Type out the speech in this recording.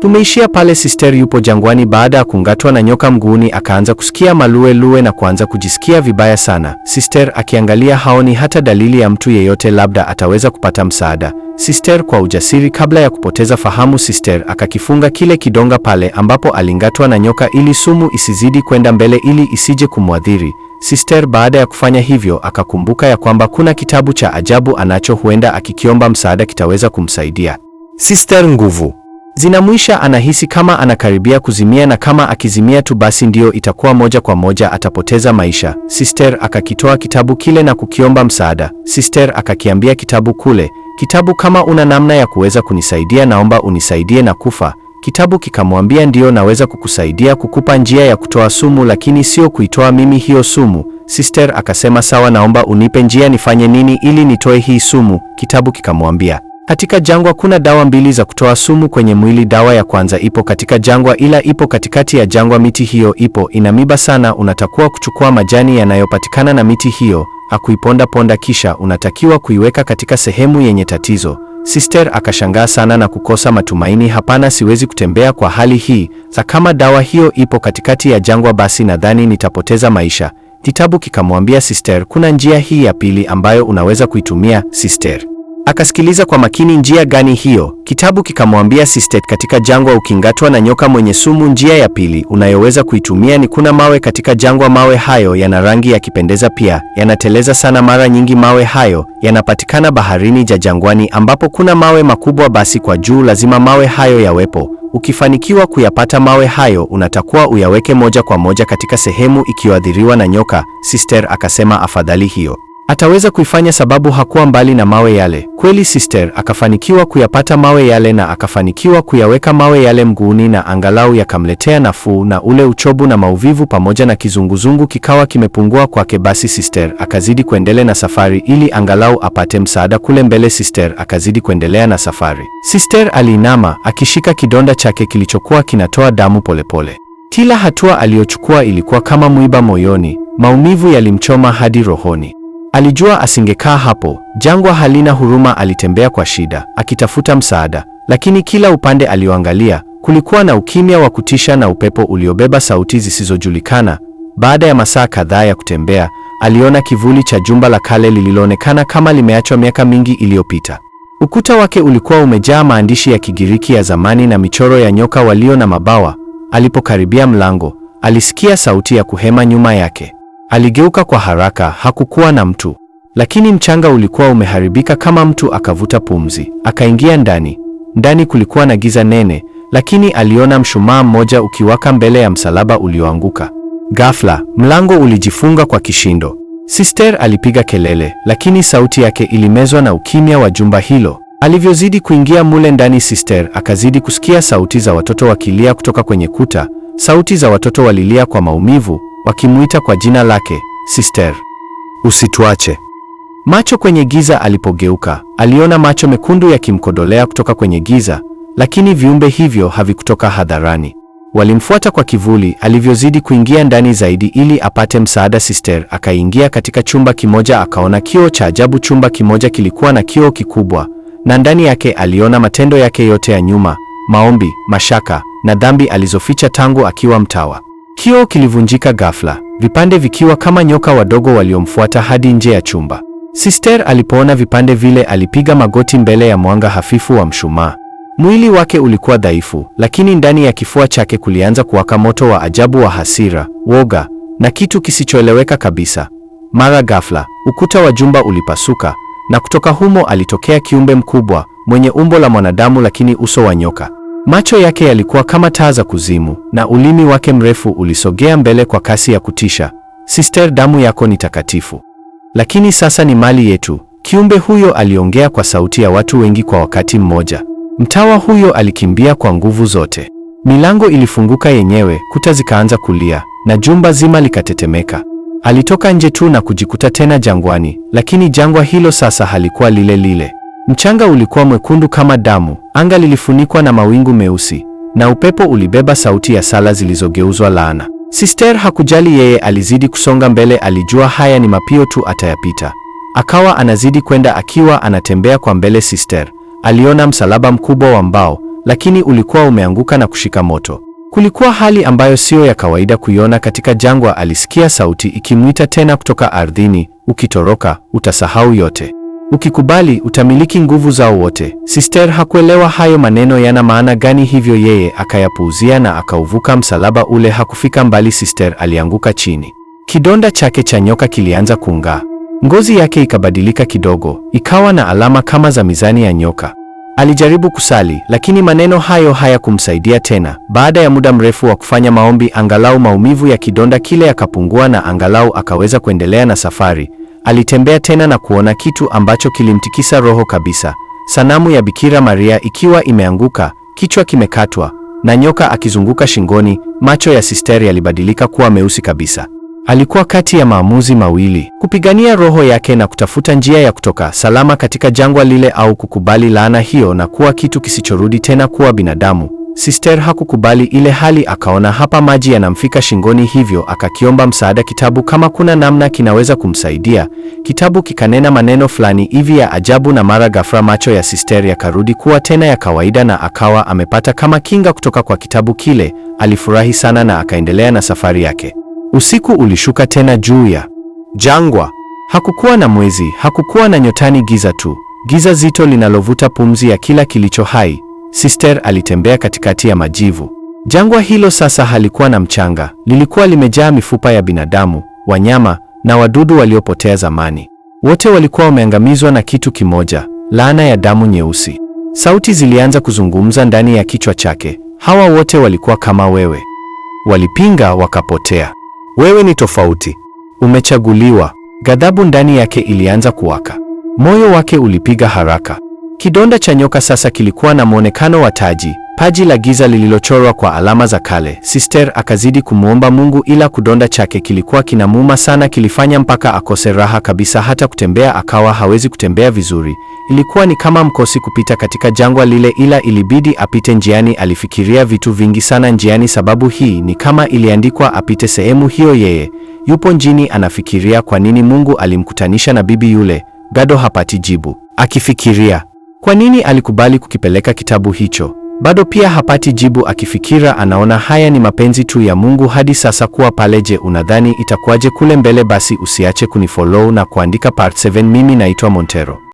Tumeishia pale Sister yupo jangwani baada ya kungatwa na nyoka mguuni, akaanza kusikia luwe na kuanza kujisikia vibaya sana. Sister akiangalia haoni hata dalili ya mtu yeyote, labda ataweza kupata msaada. Sister kwa ujasiri, kabla ya kupoteza fahamu, Sister akakifunga kile kidonga pale ambapo alingatwa na nyoka ili sumu isizidi kwenda mbele, ili isije kumwadhiri. Sister baada ya kufanya hivyo akakumbuka ya kwamba kuna kitabu cha ajabu anacho, huenda akikiomba msaada kitaweza kumsaidia. Sister nguvu zinamwisha anahisi kama anakaribia kuzimia na kama akizimia tu basi ndio itakuwa moja kwa moja atapoteza maisha. Sister akakitoa kitabu kile na kukiomba msaada. Sister akakiambia kitabu kule, kitabu kama una namna ya kuweza kunisaidia naomba unisaidie na kufa. Kitabu kikamwambia ndio, naweza kukusaidia kukupa njia ya kutoa sumu, lakini sio kuitoa mimi hiyo sumu. Sister akasema sawa, naomba unipe njia nifanye nini ili nitoe hii sumu. Kitabu kikamwambia katika jangwa kuna dawa mbili za kutoa sumu kwenye mwili. Dawa ya kwanza ipo katika jangwa, ila ipo katikati ya jangwa. Miti hiyo ipo ina miba sana, unatakiwa kuchukua majani yanayopatikana na miti hiyo akuiponda ponda, kisha unatakiwa kuiweka katika sehemu yenye tatizo. Sister akashangaa sana na kukosa matumaini. Hapana, siwezi kutembea kwa hali hii. Za kama dawa hiyo ipo katikati ya jangwa, basi nadhani nitapoteza maisha. Kitabu kikamwambia Sister, kuna njia hii ya pili ambayo unaweza kuitumia Sister. Akasikiliza kwa makini. Njia gani hiyo? Kitabu kikamwambia Sistet, katika jangwa ukingatwa na nyoka mwenye sumu. Njia ya pili unayoweza kuitumia ni kuna mawe katika jangwa. Mawe hayo yana rangi ya kipendeza, pia yanateleza sana. Mara nyingi mawe hayo yanapatikana baharini ja jangwani, ambapo kuna mawe makubwa. Basi kwa juu lazima mawe hayo yawepo. Ukifanikiwa kuyapata mawe hayo, unatakuwa uyaweke moja kwa moja katika sehemu ikiyoathiriwa na nyoka. Sister akasema afadhali hiyo ataweza kuifanya sababu hakuwa mbali na mawe yale. Kweli sister akafanikiwa kuyapata mawe yale na akafanikiwa kuyaweka mawe yale mguuni na angalau yakamletea nafuu na ule uchobu na mauvivu pamoja na kizunguzungu kikawa kimepungua kwake. Basi sister akazidi kuendelea na safari ili angalau apate msaada kule mbele. Sister akazidi kuendelea na safari. Sister aliinama akishika kidonda chake kilichokuwa kinatoa damu polepole pole. Kila hatua aliyochukua ilikuwa kama mwiba moyoni, maumivu yalimchoma hadi rohoni. Alijua asingekaa hapo. Jangwa halina huruma. Alitembea kwa shida akitafuta msaada, lakini kila upande alioangalia kulikuwa na ukimya wa kutisha na upepo uliobeba sauti zisizojulikana. Baada ya masaa kadhaa ya kutembea, aliona kivuli cha jumba la kale lililoonekana kama limeachwa miaka mingi iliyopita. Ukuta wake ulikuwa umejaa maandishi ya Kigiriki ya zamani na michoro ya nyoka walio na mabawa. Alipokaribia mlango, alisikia sauti ya kuhema nyuma yake. Aligeuka kwa haraka, hakukuwa na mtu, lakini mchanga ulikuwa umeharibika kama mtu. Akavuta pumzi, akaingia ndani. Ndani kulikuwa na giza nene, lakini aliona mshumaa mmoja ukiwaka mbele ya msalaba ulioanguka. Ghafla mlango ulijifunga kwa kishindo. Sister alipiga kelele, lakini sauti yake ilimezwa na ukimya wa jumba hilo. Alivyozidi kuingia mule ndani, Sister akazidi kusikia sauti za watoto wakilia kutoka kwenye kuta. Sauti za watoto walilia kwa maumivu, wakimuita kwa jina lake Sister, usituache. Macho kwenye giza. Alipogeuka aliona macho mekundu yakimkodolea kutoka kwenye giza, lakini viumbe hivyo havikutoka hadharani. Walimfuata kwa kivuli. Alivyozidi kuingia ndani zaidi ili apate msaada, Sister akaingia katika chumba kimoja, akaona kioo cha ajabu. Chumba kimoja kilikuwa na kioo kikubwa, na ndani yake aliona matendo yake yote ya nyuma, maombi, mashaka na dhambi alizoficha tangu akiwa mtawa. Kioo kilivunjika ghafla, vipande vikiwa kama nyoka wadogo waliomfuata hadi nje ya chumba. Sister alipoona vipande vile, alipiga magoti mbele ya mwanga hafifu wa mshumaa. Mwili wake ulikuwa dhaifu, lakini ndani ya kifua chake kulianza kuwaka moto wa ajabu wa hasira, woga na kitu kisichoeleweka kabisa. Mara ghafla, ukuta wa jumba ulipasuka na kutoka humo alitokea kiumbe mkubwa mwenye umbo la mwanadamu lakini uso wa nyoka. Macho yake yalikuwa kama taa za kuzimu na ulimi wake mrefu ulisogea mbele kwa kasi ya kutisha. Sister, damu yako ni takatifu, lakini sasa ni mali yetu. Kiumbe huyo aliongea kwa sauti ya watu wengi kwa wakati mmoja. Mtawa huyo alikimbia kwa nguvu zote. Milango ilifunguka yenyewe, kuta zikaanza kulia na jumba zima likatetemeka. Alitoka nje tu na kujikuta tena jangwani, lakini jangwa hilo sasa halikuwa lile lile. Mchanga ulikuwa mwekundu kama damu, anga lilifunikwa na mawingu meusi, na upepo ulibeba sauti ya sala zilizogeuzwa laana. Sister hakujali, yeye alizidi kusonga mbele. Alijua haya ni mapio tu, atayapita. Akawa anazidi kwenda, akiwa anatembea kwa mbele, Sister aliona msalaba mkubwa wa mbao, lakini ulikuwa umeanguka na kushika moto. Kulikuwa hali ambayo siyo ya kawaida kuiona katika jangwa. Alisikia sauti ikimwita tena kutoka ardhini, ukitoroka utasahau yote. Ukikubali utamiliki nguvu zao wote. Sister hakuelewa hayo maneno yana maana gani, hivyo yeye akayapuuzia na akauvuka msalaba ule. Hakufika mbali, Sister alianguka chini. Kidonda chake cha nyoka kilianza kung'aa, ngozi yake ikabadilika kidogo, ikawa na alama kama za mizani ya nyoka. Alijaribu kusali, lakini maneno hayo hayakumsaidia tena. Baada ya muda mrefu wa kufanya maombi, angalau maumivu ya kidonda kile yakapungua na angalau akaweza kuendelea na safari. Alitembea tena na kuona kitu ambacho kilimtikisa roho kabisa, sanamu ya Bikira Maria ikiwa imeanguka, kichwa kimekatwa na nyoka akizunguka shingoni. Macho ya sisteri yalibadilika kuwa meusi kabisa. Alikuwa kati ya maamuzi mawili: kupigania roho yake na kutafuta njia ya kutoka salama katika jangwa lile, au kukubali laana hiyo na kuwa kitu kisichorudi tena kuwa binadamu. Sister hakukubali ile hali, akaona hapa maji yanamfika shingoni, hivyo akakiomba msaada kitabu kama kuna namna kinaweza kumsaidia. Kitabu kikanena maneno fulani hivi ya ajabu, na mara ghafla macho ya Sister yakarudi kuwa tena ya kawaida, na akawa amepata kama kinga kutoka kwa kitabu kile. Alifurahi sana na akaendelea na safari yake. Usiku ulishuka tena juu ya jangwa. Hakukuwa na mwezi, hakukuwa na nyotani, giza tu, giza zito linalovuta pumzi ya kila kilicho hai. Sister alitembea katikati ya majivu. Jangwa hilo sasa halikuwa na mchanga, lilikuwa limejaa mifupa ya binadamu, wanyama na wadudu waliopotea zamani. Wote walikuwa wameangamizwa na kitu kimoja, laana ya damu nyeusi. Sauti zilianza kuzungumza ndani ya kichwa chake. Hawa wote walikuwa kama wewe. Walipinga wakapotea. Wewe ni tofauti. Umechaguliwa. Ghadhabu ndani yake ilianza kuwaka. Moyo wake ulipiga haraka. Kidonda cha nyoka sasa kilikuwa na mwonekano wa taji, paji la giza lililochorwa kwa alama za kale. Sister akazidi kumwomba Mungu, ila kidonda chake kilikuwa kinamuuma sana, kilifanya mpaka akose raha kabisa, hata kutembea akawa hawezi kutembea vizuri. Ilikuwa ni kama mkosi kupita katika jangwa lile, ila ilibidi apite njiani. Alifikiria vitu vingi sana njiani, sababu hii ni kama iliandikwa apite sehemu hiyo. Yeye yupo njini anafikiria kwa nini Mungu alimkutanisha na bibi yule, bado hapati jibu. Akifikiria kwa nini alikubali kukipeleka kitabu hicho? Bado pia hapati jibu. Akifikira anaona haya ni mapenzi tu ya Mungu hadi sasa. Kuwa pale. Je, unadhani itakuwaje kule mbele? Basi usiache kunifollow na kuandika part 7. Mimi naitwa Montero.